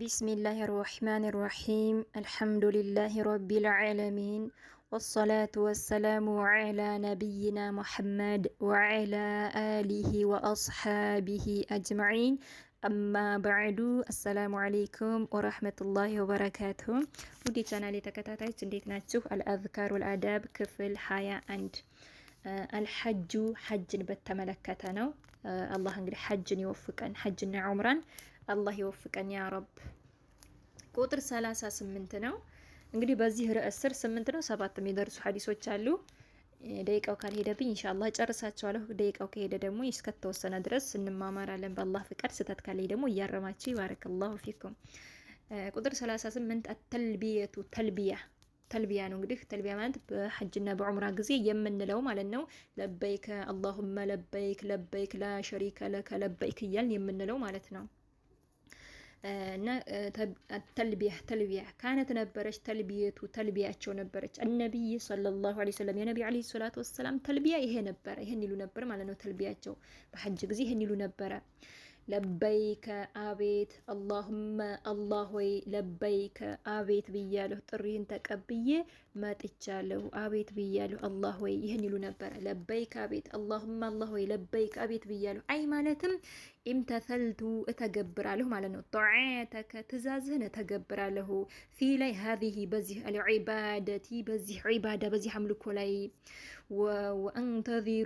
بسم الله الرحمن الرحيم الحمد لله رب العالمين والصلاة والسلام على نبينا محمد وعلى آله وأصحابه أجمعين أما بعد السلام عليكم ورحمة الله وبركاته ودي تانا لتكتاتي تنديتنا تشوف الأذكار والآداب كفل حياة أنت الحج حج በተመለከተ الله አላህ حج يوفقا حج عمرا አላህ ይወፍቀን ያ ረብ። ቁጥር 38 ነው እንግዲህ በዚህ ርዕስ ስር 8 ነው 7 የሚደርሱ ሀዲሶች አሉ። ደቂቃው ካልሄደብኝ ኢንሻአላህ ጨርሳቸዋለሁ። ደቂቃው ከሄደ ደግሞ እስከተወሰነ ድረስ እንማማራለን በአላህ ፍቃድ። ስህተት ካለኝ ደግሞ እያረማችሁ። ባረከላሁ ፊኩም። ቁጥር 38 አተልቢየቱ ተልቢያ ተልቢያ ነው እንግዲህ ተልቢያ ማለት በሐጅና በዑምራ ጊዜ የምንለው ማለት ነው። ለበይክ አላሁመ ለበይክ ለበይክ ላ ሸሪከ ለከ ለበይክ እያልን የምንለው ማለት ነው። ተልቢያ ተልቢያ ካነት ነበረች። ተልቢየቱ ተልቢያቸው ነበረች። አነቢይ ሰለላሁ ዐለይሂ ወሰለም የነቢ ዐለይሂ ሰላቱ ወሰላም ተልቢያ ይሄ ነበረ። ይሄን ይሉ ነበር ማለት ነው። ተልቢያቸው በሐጅ ጊዜ ይሄን ይሉ ነበረ። ለበይከ አቤት አላሁመ አላህ ወይ ለበይከ አቤት ብያለሁ፣ ጥሪህን ተቀብዬ መጥቻለሁ፣ አቤት ብያለሁ አላህ ወይ ይህን ይሉ ነበረ። ለበይከ አቤት አላሁመ አላህ ወይ ለበይከ አቤት ብያለሁ። አይ ማለትም ኢምተሰልቱ እተገብራለሁ ማለት ነው። ጣዓተከ ትእዛዝህን እተገብራለሁ። ፊ ላይ ሀዚህ በዚህ አልዒባደቲ በዚህ ዒባዳ በዚህ አምልኮ ላይ ወአንተዚሩ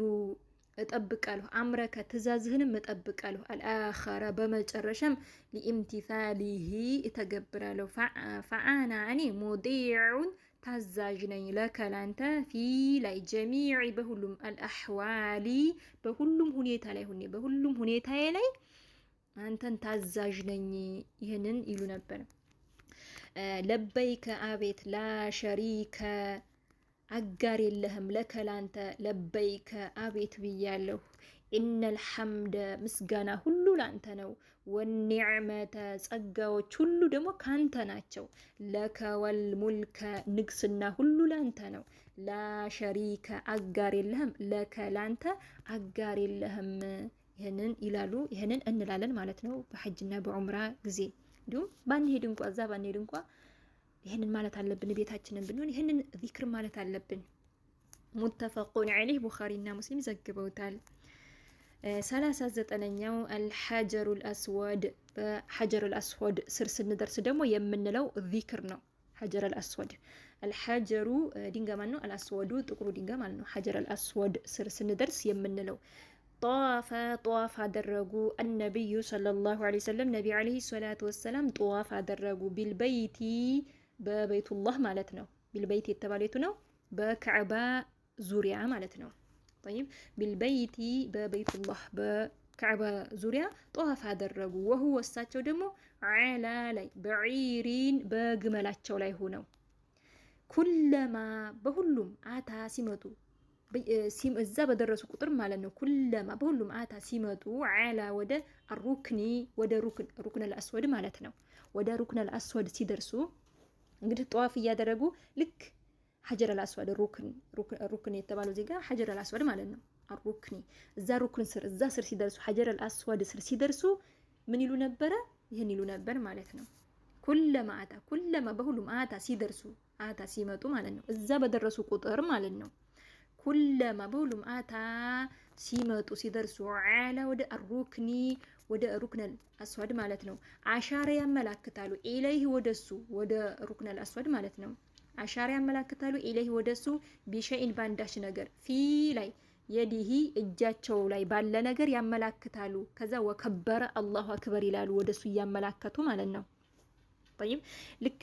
እጠብቃለሁ አምረከ ትእዛዝህንም እጠብቃለሁ። አልአኸራ በመጨረሻም ሊኢምቲሳሊሂ እተገብራለሁ። ፈአና እኔ ሙዲዑን ታዛዥ ነኝ ለከላንተ ፊ ላይ ጀሚዒ በሁሉም አልአሕዋሊ በሁሉም ሁኔታ ላይ ሁኔ በሁሉም ሁኔታዬ ላይ አንተን ታዛዥ ነኝ። ይህንን ይሉ ነበር። ለበይከ አቤት ላ ሸሪከ አጋር የለህም ለከላንተ ለበይከ አቤት ብያለሁ። ኢነል ሐምደ ምስጋና ሁሉ ላንተ ነው። ወኒዕመተ ጸጋዎች ሁሉ ደግሞ ካንተ ናቸው። ለከ ወልሙልከ ንግስና ሁሉ ላንተ ነው። ላሸሪከ አጋር የለህም ለከ ላንተ አጋር የለህም። ይህንን ይላሉ፣ ይህንን እንላለን ማለት ነው በሐጅና በዑምራ ጊዜ እንዲሁም ባንሄድ እንኳ እዛ ባንሄድ እንኳ ይህንን ማለት አለብን። ቤታችንን ብንሆን ይህንን ዚክር ማለት አለብን። ሙተፈቁን ዐለይህ ቡኻሪና ሙስሊም ዘግበውታል። ሰላሳ ዘጠነኛው አልሐጀሩል አስወድ በሐጀሩል አስወድ ስር ስንደርስ ደግሞ የምንለው ዚክር ነው። ሐጀር አልአስወድ አልሐጀሩ ድንጋይ ማለት ነው። አልአስወዱ ጥቁሩ ድንጋይ ማለት ነው። ሐጀር አልአስወድ ስር ስንደርስ የምንለው ጠዋፈ ጠዋፍ አደረጉ አነቢዩ ሰለላሁ ዐለይሂ ወሰለም ነቢ ዐለይሂ ሰላቱ ወሰላም ጠዋፍ አደረጉ ቢልበይቲ በበይቱላህ ማለት ነው። ቢልበይት የተባለው የቱ ነው? በካዕባ ዙሪያ ማለት ነው። ጠይብ ቢልበይቲ በበይቱላህ በካዕባ ዙሪያ ጠዋፍ አደረጉ። ወሁወ እሳቸው ደግሞ ዓላ ላይ በዒሪን በግመላቸው ላይ ሆነው ኩለማ በሁሉም አታ ሲመጡ እዛ በደረሱ ቁጥር ማለት ነው። ኩለማ በሁሉም አታ ሲመጡ ዓላ ወደ ሩክኒ ወደ ሩክን ሩክነል አስወድ ማለት ነው። ወደ ሩክነል አስወድ ሲደርሱ እንግዲህ ጠዋፍ እያደረጉ ልክ ሀጀር አልአስዋድ ሩክን ሩክን የተባለው ዜጋ ሀጀር አልአስዋድ ማለት ነው። አሩክኒ እዛ ሩክን ስር እዛ ስር ሲደርሱ ሀጀር አልአስዋድ ስር ሲደርሱ ምን ይሉ ነበረ? ይህን ይሉ ነበር ማለት ነው። ኩለማ አታ ኩለማ በሁሉም አታ ሲደርሱ አታ ሲመጡ ማለት ነው። እዛ በደረሱ ቁጥር ማለት ነው። ኩለማ በሁሉም አታ ሲመጡ ሲደርሱ ዓላ ወደ አሩክኒ ወደ ሩክነል አስዋድ ማለት ነው። አሻራ ያመላክታሉ ኢለይህ ወደሱ ወደ ሩክነል አስዋድ ማለት ነው። አሻራ ያመላክታሉ ኢለይህ ወደሱ ቢሸይን ባንዳች ነገር ፊ ላይ የዲሂ እጃቸው ላይ ባለ ነገር ያመላክታሉ። ከዛ ወከበረ አላሁ አክበር ይላሉ ወደሱ እያመላከቱ ማለት ነው። ጠይብ ልክ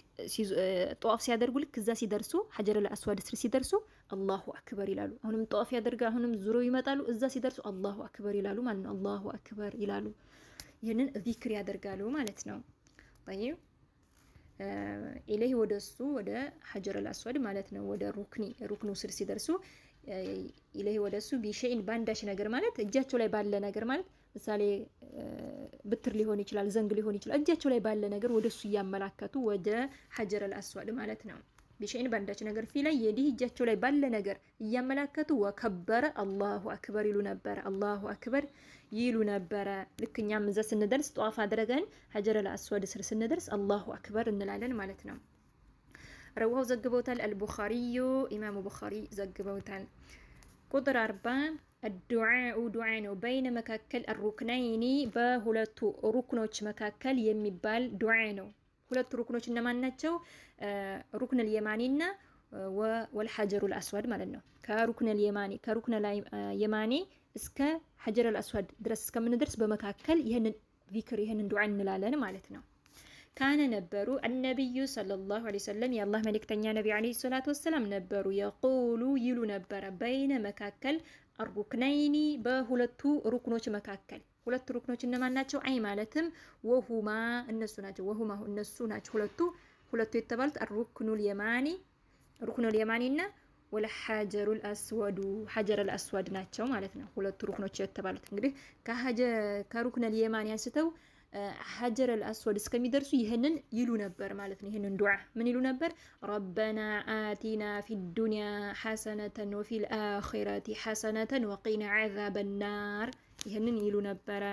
ጠዋፍ ሲያደርጉ ልክ እዛ ሲደርሱ ሐጀረል አስዋድ ስር ሲደርሱ አላሁ አክበር ይላሉ። አሁንም ጠዋፍ ያደርጋ አሁንም ዙሮ ይመጣሉ። እዛ ሲደርሱ አላሁ አክበር ይላሉ ማለት ነው። አላሁ አክበር ይላሉ። ይህንን ዚክር ያደርጋሉ ማለት ነው። ይ ኢለህ ወደ እሱ ወደ ሀጀር አልአስወድ ማለት ነው ወደ ሩክኒ ሩክኑ ስር ሲደርሱ ኢለህ ወደ እሱ ቢሸይን ባንዳሽ ነገር ማለት እጃቸው ላይ ባለ ነገር ማለት ምሳሌ ብትር ሊሆን ይችላል፣ ዘንግ ሊሆን ይችላል። እጃቸው ላይ ባለ ነገር ወደ እሱ እያመላከቱ ወደ ሀጀር አልአስወድ ማለት ነው። ቢሸይን ባንዳች ነገር ፊ ላይ የዲህ እጃቸው ላይ ባለ ነገር እያመላከቱ ወከበረ አላሁ አክበር ይሉ ነበር። አላሁ አክበር ይሉ ነበረ። ልክ እኛም እዛ ስንደርስ ጠዋፍ አድረገን ሀጀረል አስወድ ስር ስንደርስ አላሁ አክበር እንላለን ማለት ነው። ረዋው ዘግበውታል። አልቡኻሪዩ ኢማሙ ቡኻሪ ዘግበውታል። ቁጥር አርባ አዱዓኡ ዱዓ ነው። በይነ መካከል አሩክናይኒ በሁለቱ ሩክኖች መካከል የሚባል ዱዓ ነው። ሁለቱ ሩክኖች እነማን ናቸው? ሩክን ልየማኒና ወልሐጀሩ ልአስዋድ ማለት ነው። ከሩክነል የማኔ ከሩክነል የማኔ እስከ ሐጀረል አስዋድ ድረስ እስከምንደርስ በመካከል ይህንን ዚክር ይህንን ዱዓ እንላለን ማለት ነው። ካነ ነበሩ አነቢዩ ሰለላሁ ዐለይሂ ወሰለም የአላህ መልእክተኛ ነቢ ዐለይሂ ሰላቱ ወሰላም ነበሩ። የቁሉ ይሉ ነበረ በይነ መካከል አሩክነይኒ በሁለቱ ሩክኖች መካከል ሁለቱ ሩክኖች እነማን ናቸው? አይ ማለትም ወሁማ እነሱ ናቸው። ወሁማ እነሱ ናቸው። ሁለቱ ሁለቱ የተባሉት አሩክኑል የማኒ ሩክኑል የማኒና ወለ ሐጀሩል አስወዱ ሐጀረል አስዋድ ናቸው ማለት ነው። ሁለቱ ሩክኖች የተባሉት እንግዲህ ከሩክነል የማኒ አንስተው ሐጀረል አስወድ እስከሚደርሱ ይህንን ይሉ ነበር ማለት ነው። ይህንን ዱዓ ምን ይሉ ነበር? ረበና አቲና ፊዱንያ ሐሰነተን ወፊል አኺረቲ ሐሰነተን ወቂና ናር ይህንን ይሉ ነበረ።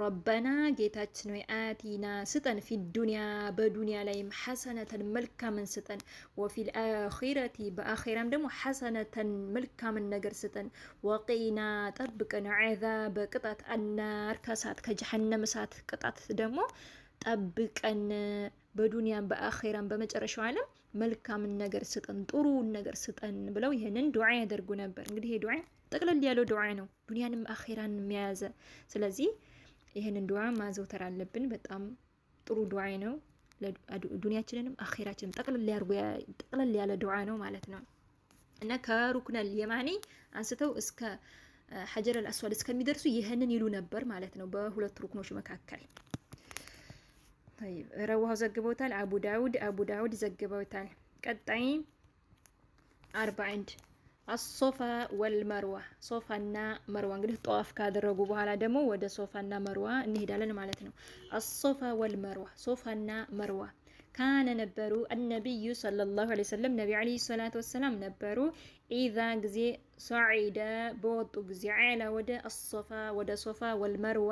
ረበና ጌታችን ሆይ አቲና ስጠን፣ ፊ ዱንያ ላይም ሐሰነተን መልካምን ስጠን፣ ወፊል አኺረቲ በአኺራም ደግሞ ሐሰነተን መልካምን ነገር ስጠን፣ ወቂና ጠብቀን፣ ዐዛበ ቅጣት አናር ከሳት ከጀሐነም እሳት ቅጣት ደግሞ ጠብቀን በዱንያም በአኼራም በመጨረሻው ዓለም መልካምን ነገር ስጠን ጥሩውን ነገር ስጠን ብለው ይህንን ዱዓ ያደርጉ ነበር። እንግዲህ ይህ ዱዓ ጠቅለል ያለው ዱዓ ነው፣ ዱንያንም አኼራንም የያዘ ስለዚህ ይህንን ዱዓ ማዘውተር አለብን። በጣም ጥሩ ዱዓ ነው። ዱንያችንንም አኼራችንም ጠቅለል ያለ ዱዓ ነው ማለት ነው እና ከሩክነል የማኒ አንስተው እስከ ሐጀር አልአስዋድ እስከሚደርሱ ይህንን ይሉ ነበር ማለት ነው በሁለት ሩክኖች መካከል ረዋሃው ዘግበውታል። አቡ ዳውድ አቡ ዳውድ ዘግበውታል። ቀጣይ አርባ አንድ አሶፋ ወልመርዋ ሶፋና መርዋ እንግዲህ ጠዋፍ ካደረጉ በኋላ ደግሞ ወደ ሶፋና መርዋ እንሄዳለን ማለት ነው። አሶፋ ወል መርዋ ሶፋና መርዋ ካነ ነበሩ አነቢዩ ሰለላሁ ዐለይሂ ወሰለም ነቢ ዐለይሂ ሰላቱ ወሰላም ነበሩ። ኢዛ ጊዜ ሰዒደ በወጡ ጊዜ ዐላ ወደ አሶፋ ወደ ሶፋ ወልመርዋ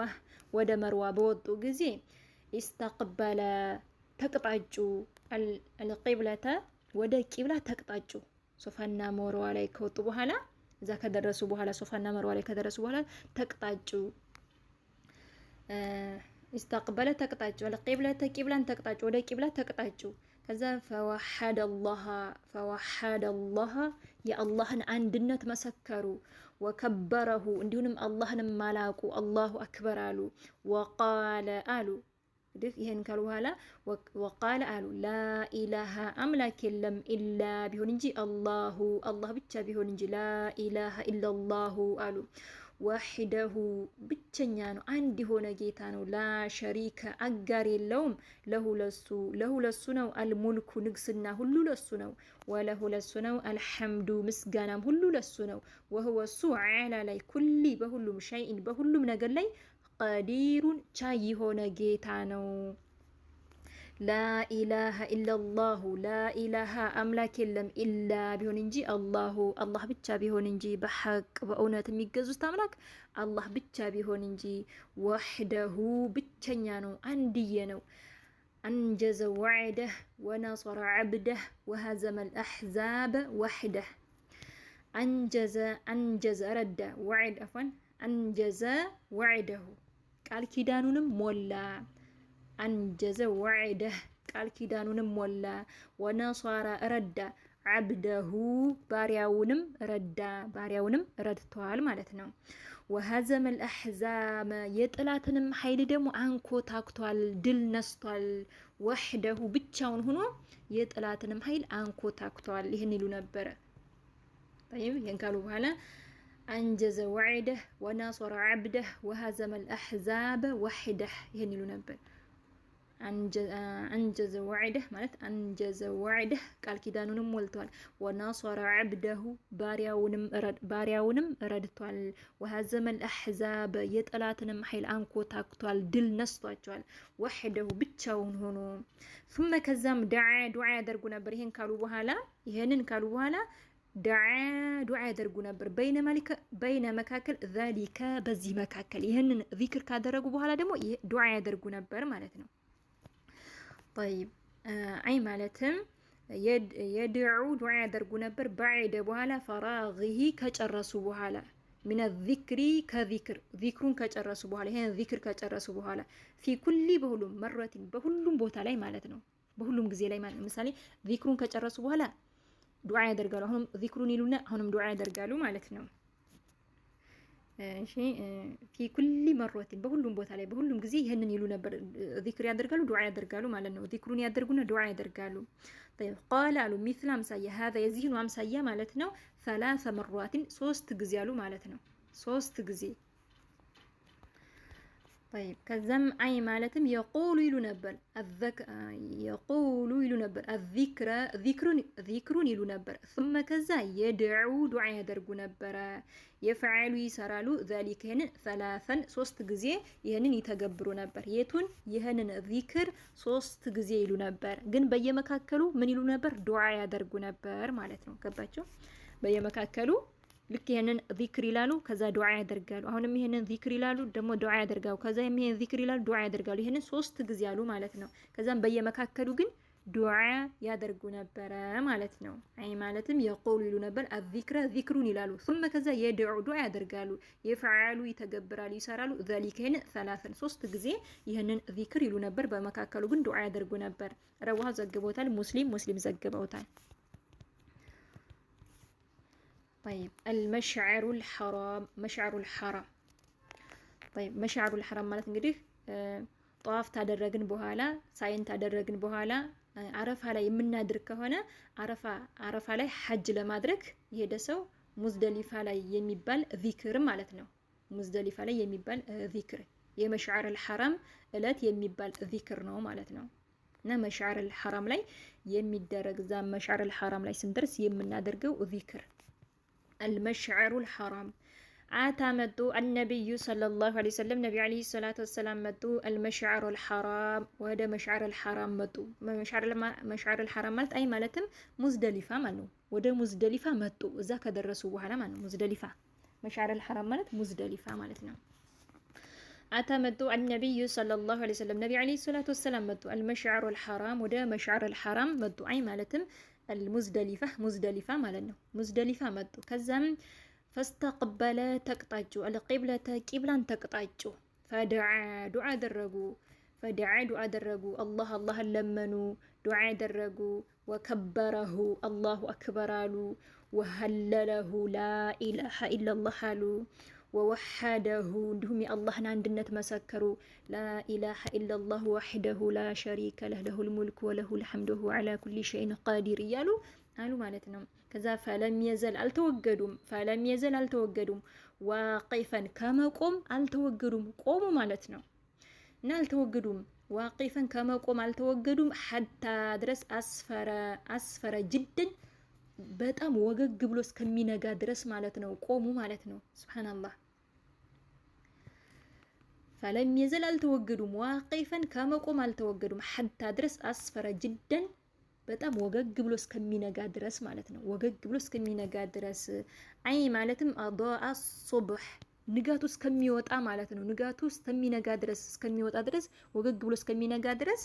ወደ መርዋ በወጡ ጊዜ ኢስተቅበለ ተቅጣጩ አልቂብለተ ወደ ቂብላ ተቅጣጩ ሶፋና መወረዋ ላይ ከወጡ በኋላ እዛ ከደረሱ በኋላ ሶፋና መርዋ ላይ ከደረሱ በኋላ ተቅጣጩ ኢስተቅበለ ተቅጣጩ ለቂብለ ተቂብላን ተቅጣጩ ወደ ቂብላ ተቅጣጩ። ከዛ ፈወሐደ አላህ የአላህን አንድነት መሰከሩ። ወከበረሁ እንዲሁንም አላህንም ማላቁ አላሁ አክበር አሉ። ወቃለ አሉ እንግዲህ ይሄን ካሉ በኋላ ወቃለ አሉ ላኢላሃ አምላክ የለም ኢላ ቢሆን እንጂ አላሁ አላህ ብቻ ቢሆን እንጂ ላኢላሃ ኢላላሁ አሉ። ዋሂደሁ ብቸኛ ነው፣ አንድ የሆነ ጌታ ነው። ላሸሪከ አጋር የለውም። ለሁ ለሱ ለሁ ለሱ ነው አልሙልኩ ንግስና ሁሉ ለሱ ነው። ወለሁ ለሱ ነው አልሐምዱ ምስጋናም ሁሉ ለሱ ነው። ወህወ እሱ ዓላ ላይ ኩሊ በሁሉም ሸይን በሁሉም ነገር ላይ ቀዲሩን ቻይ የሆነ ጌታ ነው። ላኢላሃ ኢለላሁ ላኢላሃ አምላክ የለም ኢላ ቢሆን እንጂ አላሁ አላህ ብቻ ቢሆን እንጂ በሐቅ በእውነት የሚገዙት አምላክ አላህ ብቻ ቢሆን እንጂ ወሕደሁ ብቸኛ ነው፣ አንድዬ ነው። አንጀዘ ወዕደህ ወናሰረ ዓብደህ ወሃዘመል አሕዛበ ወሕደህ። አንጀዘ አንጀዘ ረዳ ወዕድ አፈን አንጀዘ ወዕደሁ ቃል ኪዳኑንም ሞላ። አንጀዘ ወዕደህ ቃል ኪዳኑንም ሞላ። ወነሷራ ረዳ አብደሁ ባሪያውንም ረዳ ባሪያውንም ረድተዋል ማለት ነው። ወሀዘመ ልአሕዛመ የጥላትንም ኃይል ደግሞ አንኮ ታክቷል፣ ድል ነስቷል። ወሕደሁ ብቻውን ሆኖ የጥላትንም ኃይል አንኮ ታክቷል። ይህን ይሉ ነበረ። ይህን ካሉ በኋላ አንጀዘ ወዒደህ ወናሶረ ዓብደህ ወሀዘመል አሕዛበ ወሒደህ ይህን ይሉ ነበር። አንጀዘ ወዒደህ ማለት አንጀዘ ወዒደህ ቃል ኪዳኑንም ሞልቷል። ወናሶረ ዓብደሁ ባሪያውንም ረድቷል። ወሀዘመል አሕዛበ የጠላትንም ኃይል አንኮታክቷል፣ ድል ነስቷቸዋል። ወሒደሁ ብቻውን ሆኖ ثم ከዛም ዱዓ ያደርጉ ነበር። ይህን ካሉ በኋላ ይህንን ካሉ በኋላ ዱዓ ያደርጉ ነበር። በይነ መካከል ዛሊከ በዚህ መካከል ይህንን ዚክር ካደረጉ በኋላ ደግሞ ዱዓ ያደርጉ ነበር ማለት ነው። ጠይብ አይ ማለትም የድዑ ዱዓ ያደርጉ ነበር። ባዕደ በኋላ ፈራግሂ ከጨረሱ በኋላ ሚነ ዚክሪ ከዚክር ዚክሩን ከጨረሱ በኋላ ይህን ዚክር ከጨረሱ በኋላ ፊ ኩሊ በሁሉም መረቲን በሁሉም ቦታ ላይ ማለት ነው። በሁሉም ጊዜ ላይ ማለት ምሳሌ ዚክሩን ከጨረሱ በኋላ ዱዓ ያደርጋሉ። አሁንም ዚክሩን ይሉና አሁንም ዱዓ ያደርጋሉ ማለት ነው። እሺ ፊ ኩሊ መሮቲን በሁሉም ቦታ ላይ በሁሉም ጊዜ ይህንን ይሉ ነበር። ዚክር ያደርጋሉ፣ ዱዓ ያደርጋሉ ማለት ነው። ዚክሩን ያደርጉና ዱዓ ያደርጋሉ። ጠይብ ቃል አሉ ሚስል አምሳያ ሀዛ የዚህኑ አምሳያ ማለት ነው። ሰላሰ መሯቲን ሶስት ጊዜ አሉ ማለት ነው። ሶስት ጊዜ ጠይብ ከዛም አይ ማለትም የቆሉ ይሉ ነበር የቆሉ ይሉ ነበር ዚክሩን ይሉ ነበር ثመ ከዛ የድዑ ዱዓ ያደርጉ ነበረ የፈዓሉ ይሰራሉ ዛሊከ ይህንን ሰላሰን ሶስት ጊዜ ይህንን ይተገብሩ ነበር የቱን ይህንን ዚክር ሶስት ጊዜ ይሉ ነበር ግን በየመካከሉ ምን ይሉ ነበር ዱዓ ያደርጉ ነበር ማለት ነው ገባቸው በየመካከሉ ልክ ይሄንን ዚክር ይላሉ፣ ከዛ ዱዓ ያደርጋሉ። አሁንም ይሄንን ዚክር ይላሉ፣ ደግሞ ዱዓ ያደርጋሉ። ከዛ ይሄን ዚክር ይላሉ፣ ዱዓ ያደርጋሉ። ይሄንን ሶስት ጊዜ ያሉ ማለት ነው። ከዛም በየመካከሉ ግን ዱዓ ያደርጉ ነበረ ማለት ነው። አይ ማለትም የቆሉ ይሉ ነበር አዚክረ ዚክሩን ይላሉ። ثم ከዛ የድዑ ዱዓ ያደርጋሉ። የፈዓሉ ይተገብራሉ፣ ይሰራሉ። ዘሊከ هنا ثلاثا ሶስት ጊዜ ይህንን ዚክር ይሉ ነበር። በመካከሉ ግን ዱዓ ያደርጉ ነበር። ረዋህ ዘግቦታል። ሙስሊም ሙስሊም ዘግበውታል። طيب المشعر الحرام መሽዐሩ الحرام طيب መሽዐሩ الحرام ማለት እንግዲህ ጠዋፍ ታደረግን በኋላ ሳይን ታደረግን በኋላ አረፋ ላይ የምናድርግ ከሆነ አረፋ አረፋ ላይ ሐጅ ለማድረግ የሄደ ሰው ሙዝደሊፋ ላይ የሚባል ዚክር ማለት ነው። ሙዝደሊፋ ላይ የሚባል ዚክር የመሽዐር አልሐራም እለት የሚባል ዚክር ነው ማለት ነው። እና መሽዐር አልሐራም ላይ የሚደረግ እዛ መሽዐር አልሐራም ላይ ስንደርስ የምናደርገው ዚክር المشعر الحرام عاتا مدو النبي صلى الله عليه وسلم نبي عليه الصلاة والسلام مدو المشعر الحرام وهذا مشعر الحرام مدو مشعر لما مشعر الحرام مالت أي مالتم مزدلفة مالو وده مزدلفة مدو إذا كدرسوا بحالا مالو مزدلفة مشعر الحرام مالت مزدلفة مالتنا عاتا مدو النبي صلى الله عليه وسلم نبي عليه الصلاة والسلام مدو المشعر الحرام وده مشعر الحرام مدو أي مالتم አልሙዝደሊፋ ሙዝደሊፋ ማለት ነው። ሙዝደሊፋ መጡ። ከዛም ፈስተቅበለ ተቅጣጩ፣ አልቂብለተ ቂብላን ተቅጣጩ። ፈድዓ ዱዓ አደረጉ። ፈድዓ ዱዓ አደረጉ። አላህ አላህን ለመኑ፣ ዱዓ አደረጉ። ወከበረሁ አላሁ አክበር አሉ። ወሀለለሁ ላኢላሃ ኢለላህ አሉ። ወወሐደሁ እንዲሁም የአላህን አንድነት መሰከሩ። ላኢላሀ ኢላላህ ዋሕደሁ ላ ሸሪከ ለህ ለሁል ሙልክ ወለሁል ሐምድ ወሁወ ዐላ ኩሊ ሸይን ቃዲር እያሉ አሉ ማለት ነው። ከዛ ፈለም የዘል አልተወገዱም፣ ፈለም የዘል አልተወገዱም፣ ዋቂፈን ከመቆም አልተወገዱም፣ ቆሙ ማለት ነው እና አልተወገዱም፣ ዋቂፈን ከመቆም አልተወገዱም። ሐታ ድረስ አስፈረ አስፈረ ጅድን በጣም ወገግ ብሎ እስከሚነጋ ድረስ ማለት ነው ቆሙ ማለት ነው። ሱብሃነላህ ፈለም የዘል አልተወገዱም። ዋቂፈን ከመቆም አልተወገዱም። ሐታ ድረስ አስፈረ ጅደን በጣም ወገግ ብሎ እስከሚነጋ ድረስ ማለት ነው። ወገግ ብሎ እስከሚነጋ ድረስ አይ ማለትም አዶአ ሱብህ ንጋቱ እስከሚወጣ ማለት ነው። ንጋቱ እስከሚነጋ ድረስ እስከሚወጣ ድረስ ወገግ ብሎ እስከሚነጋ ድረስ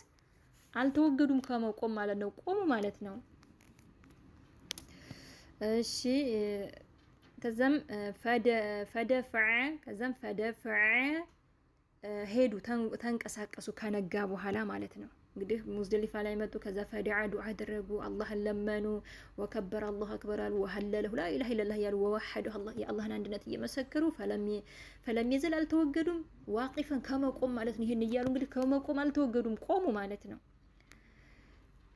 አልተወገዱም ከመቆም ማለት ነው። ቆሙ ማለት ነው። እሺ ከዛም ፈደ ፈደፈ ከዛም ፈደፈ ሄዱ ተንቀሳቀሱ፣ ከነጋ በኋላ ማለት ነው። እንግዲህ ሙዝደሊፋ ላይ መጡ። ከዛ ፈዲዓ ዱዓ አደረጉ፣ አላህን ለመኑ። ወከበር አላሁ አክበር አሉ፣ ወሀለለሁ ላኢላሀ ኢለላህ ያሉ፣ ወዋሐዱ የአላህን አንድነት እየመሰከሩ ፈለም የዘል አልተወገዱም። ዋቂፈን ከመቆም ማለት ነው። ይህን እያሉ እንግዲህ ከመቆም አልተወገዱም፣ ቆሙ ማለት ነው።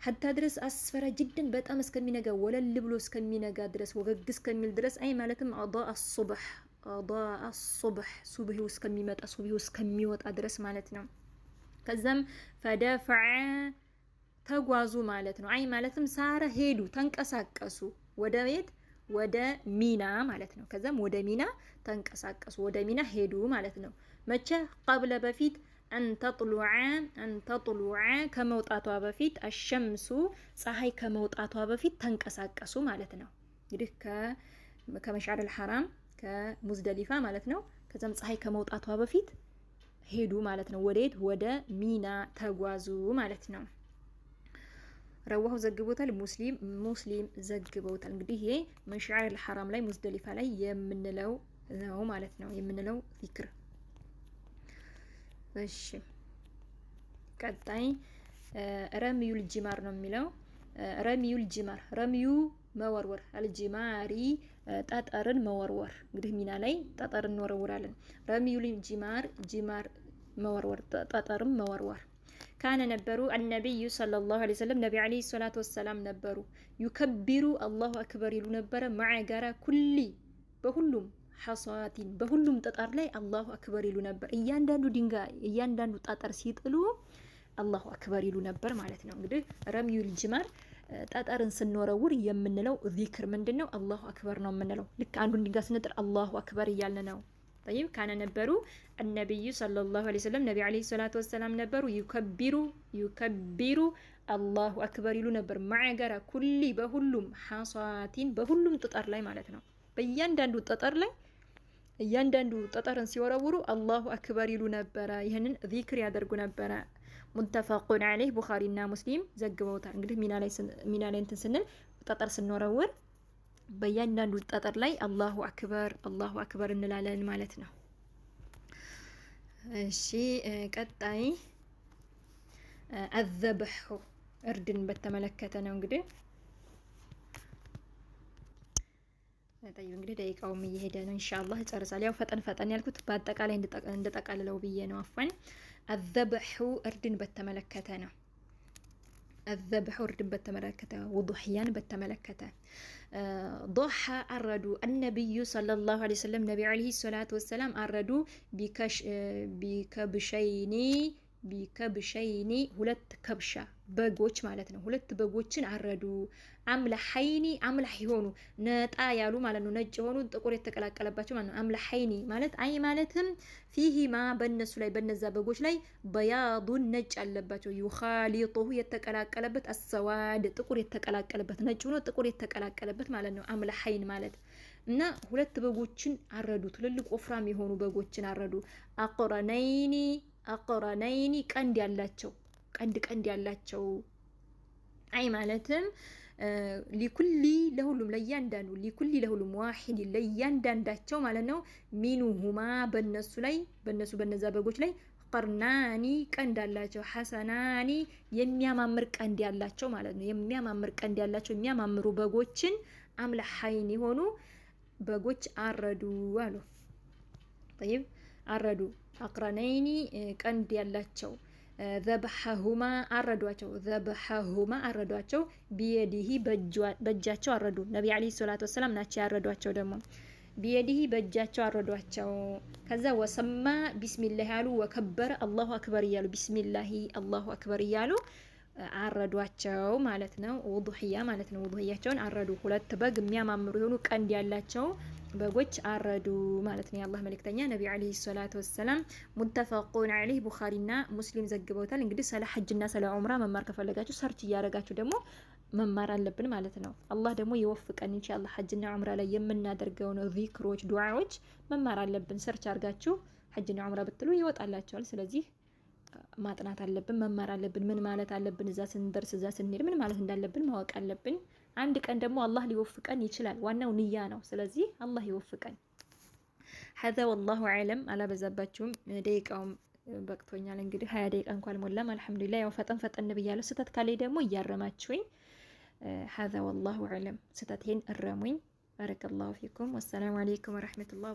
ሀታ ድረስ አስፈራ ጅድን በጣም እስከሚነጋ ወለል ብሎ እስከሚነጋ ድረስ ወገግ እስከሚል ድረስ አይ ማለትም አዳ አሱብሕ ሱብህ الصبح ሱብሂ እስከሚመጣ ሱብሂ እስከሚወጣ ድረስ ማለት ነው። ከዛም ፈደፈዐ ተጓዙ ማለት ነው። አይ ማለትም ሳረ ሄዱ፣ ተንቀሳቀሱ ወደ ቤት ወደ ሚና ማለት ነው። ከዛም ወደ ሚና ተንቀሳቀሱ፣ ወደ ሚና ሄዱ ማለት ነው። መቼ ቀብለ በፊት አንተጥሉዐ ከመውጣቷ በፊት አሸምሱ ፀሐይ ከመውጣቷ በፊት ተንቀሳቀሱ ማለት ነው። እንግዲህ ከመሽዓር አልሐራም ከሙዝደሊፋ ማለት ነው። ከዛም ፀሐይ ከመውጣቷ በፊት ሄዱ ማለት ነው። ወዴት? ወደ ሚና ተጓዙ ማለት ነው። ረዋሁ ዘግቦታል። ሙስሊም ሙስሊም ዘግበውታል። እንግዲህ ይሄ መሽዓር አልሐራም ላይ ሙዝደሊፋ ላይ የምንለው ነው ማለት ነው የምንለው ዚክር። እሺ ቀጣይ ረሚዩል ጅማር ነው የሚለው ረሚዩል ጅማር ረሚዩ መወርወር አልጂማሪ ጠጠርን መወርወር እንግዲህ ሚና ላይ ጠጠር እንወረውራለን። ረሚዩል ጂማር ጂማር መወርወር ጠጠርም መወርወር ካነ ነበሩ አነቢዩ ሰለላሁ ዐለይሂ ወሰለም ነቢ ዐለይሂ ሰላቱ ወሰላም ነበሩ። ዩከቢሩ አላሁ አክበር ይሉ ነበረ። ማዐ ጋራ ኩሊ በሁሉም ሐሳቲን በሁሉም ጠጠር ላይ አላሁ አክበር ይሉ ነበር። እያንዳንዱ ድንጋይ እያንዳንዱ ጠጠር ሲጥሉ አላሁ አክበር ይሉ ነበር ማለት ነው። እንግዲህ ረሚዩል ጂማር ጠጠርን ስንወረውር የምንለው ዚክር ምንድን ነው? አላሁ አክበር ነው የምንለው። ልክ አንዱን ድንጋይ ስንጥር አላሁ አክበር እያልን ነው። ጠይብ ካነ ነበሩ አነቢዩ ሰለላሁ ዐለይሂ ወሰለም ነቢ ዐለይሂ ሰላቱ ወሰላም ነበሩ። ዩከቢሩ ዩከቢሩ አላሁ አክበር ይሉ ነበር። ማዕገራ ኩሊ በሁሉም ሐሳቲን በሁሉም ጥጠር ላይ ማለት ነው። በእያንዳንዱ ጠጠር ላይ እያንዳንዱ ጠጠርን ሲወረውሩ አላሁ አክበር ይሉ ነበረ። ይህንን ዚክር ያደርጉ ነበረ። ሙተፈቁን አለይህ ቡኻሪና ሙስሊም ዘግበውታል። እንግዲህ ሚና ላይ እንትን ስንል ጠጠር ስንወረውር በእያንዳንዱ ጠጠር ላይ አላሁ አክበር አላሁ አክበር እንላለን ማለት ነው። እሺ ቀጣይ አዘብሑ እርድን በተመለከተ ነው። እንግዲህ ጠይብ እንግዲህ ደቂቃውም እየሄደ ነው። እንሻላ ጨርሳል። ያው ፈጠን ፈጠን ያልኩት በአጠቃላይ እንደጠቃልለው ብዬ ነው። አፋን አዘብሑ እርድን በተመለከተ ነው። አዘብሑ እርድን በተመለከተ ውዱሕያን በተመለከተ ዶሓ አረዱ አነቢዩ ሰለላሁ ዐለይሂ ወሰለም ነቢ ዐለይሂ ሰላቱ ወሰላም አረዱ ቢከብሸይኒ ቢከብሸይኒ ሁለት ከብሻ በጎች ማለት ነው። ሁለት በጎችን አረዱ። አምላሐይኒ አምላህ የሆኑ ነጣ ያሉ ማለት ነው። ነጭ የሆኑ ጥቁር የተቀላቀለባቸው ማለት ነው። አምላሐይኒ ማለት አይ ማለትም ፊሂማ በነሱ ላይ በነዛ በጎች ላይ በያዱን ነጭ አለባቸው። ዩኻሊጡሁ የተቀላቀለበት አሰዋድ ጥቁር የተቀላቀለበት ነጭ ሆኖ ጥቁር የተቀላቀለበት ማለት ነው። አምላሐይን ማለት እና ሁለት በጎችን አረዱ። ትልልቅ ወፍራም የሆኑ በጎችን አረዱ። አቆረነይኒ አቆረነይኒ ቀንድ ያላቸው ቀንድ ቀንድ ያላቸው አይ ማለትም ሊኩሊ ለሁሉም ለእያንዳንዱ ሊኩሊ ለሁሉም ዋሂድ ለእያንዳንዳቸው ማለት ነው። ሚኑሁማ በነሱ ላይ በነሱ በነዛ በጎች ላይ ቀርናኒ ቀንድ ያላቸው ሐሰናኒ የሚያማምር ቀንድ ያላቸው ማለት ነው። የሚያማምር ቀንድ ያላቸው የሚያማምሩ በጎችን አምለሐይን የሆኑ በጎች አረዱ አሉ። ጠይብ አረዱ አቅረነይኒ ቀንድ ያላቸው ዘብሐሁማ አረዷቸው ዘብሐሁማ አረዷቸው ቢየዲሂ በእጃቸው አረዱ። ነቢ ዓለይሂ ሰላቱ ወሰላም ናቸው ያረዷቸው። ደግሞ ቢየዲሂ በእጃቸው አረዷቸው። ከዛ ወሰማ ቢስሚላህ ያሉ ወከበረ አላሁ አክበር እያሉ ቢስሚላሂ አላሁ አክበር እያሉ አረዷቸው ማለት ነው። ውዱህያ ማለት ነው። ውዱህያቸውን አረዱ። ሁለት በግ የሚያማምሩ የሆኑ ቀንድ ያላቸው በጎች አረዱ ማለት ነው። የአላህ መልእክተኛ ነቢ አለይሂ ሰላቱ ወሰላም ሙተፈቁን አለይህ ቡኻሪና ሙስሊም ዘግበውታል። እንግዲህ ስለ ሐጅና ስለ ዑምራ መማር ከፈለጋችሁ ሰርች እያደረጋችሁ ደግሞ መማር አለብን ማለት ነው። አላህ ደግሞ የወፍቀን ኢንሻአላህ ሐጅና ዑምራ ላይ የምናደርገውን ዚክሮች፣ ዱዓዎች መማር አለብን። ሰርች አድርጋችሁ ሐጅና ዑምራ ብትሉ ይወጣላቸዋል። ስለዚህ ማጥናት አለብን፣ መማር አለብን። ምን ማለት አለብን፣ እዛ ስንደርስ፣ እዛ ስንሄድ ምን ማለት እንዳለብን ማወቅ አለብን። አንድ ቀን ደግሞ አላህ ሊወፍቀን ይችላል። ዋናው ንያ ነው። ስለዚህ አላህ ይወፍቀን። ሀዛ ወላሁ አለም። አላበዛባችሁም፣ ደቂቃውም በቅቶኛል። እንግዲህ ሀያ ደቂቃ እንኳ አልሞላም። አልሐምዱሊላ ያው ፈጠን ፈጠን ብያለሁ። ስህተት ካለኝ ደግሞ እያረማችሁኝ። ሀዛ ወላሁ አለም። ስህተቴን እረሙኝ። ባረከላሁ ፊኩም። ወሰላሙ አለይኩም ወረሕመቱላህ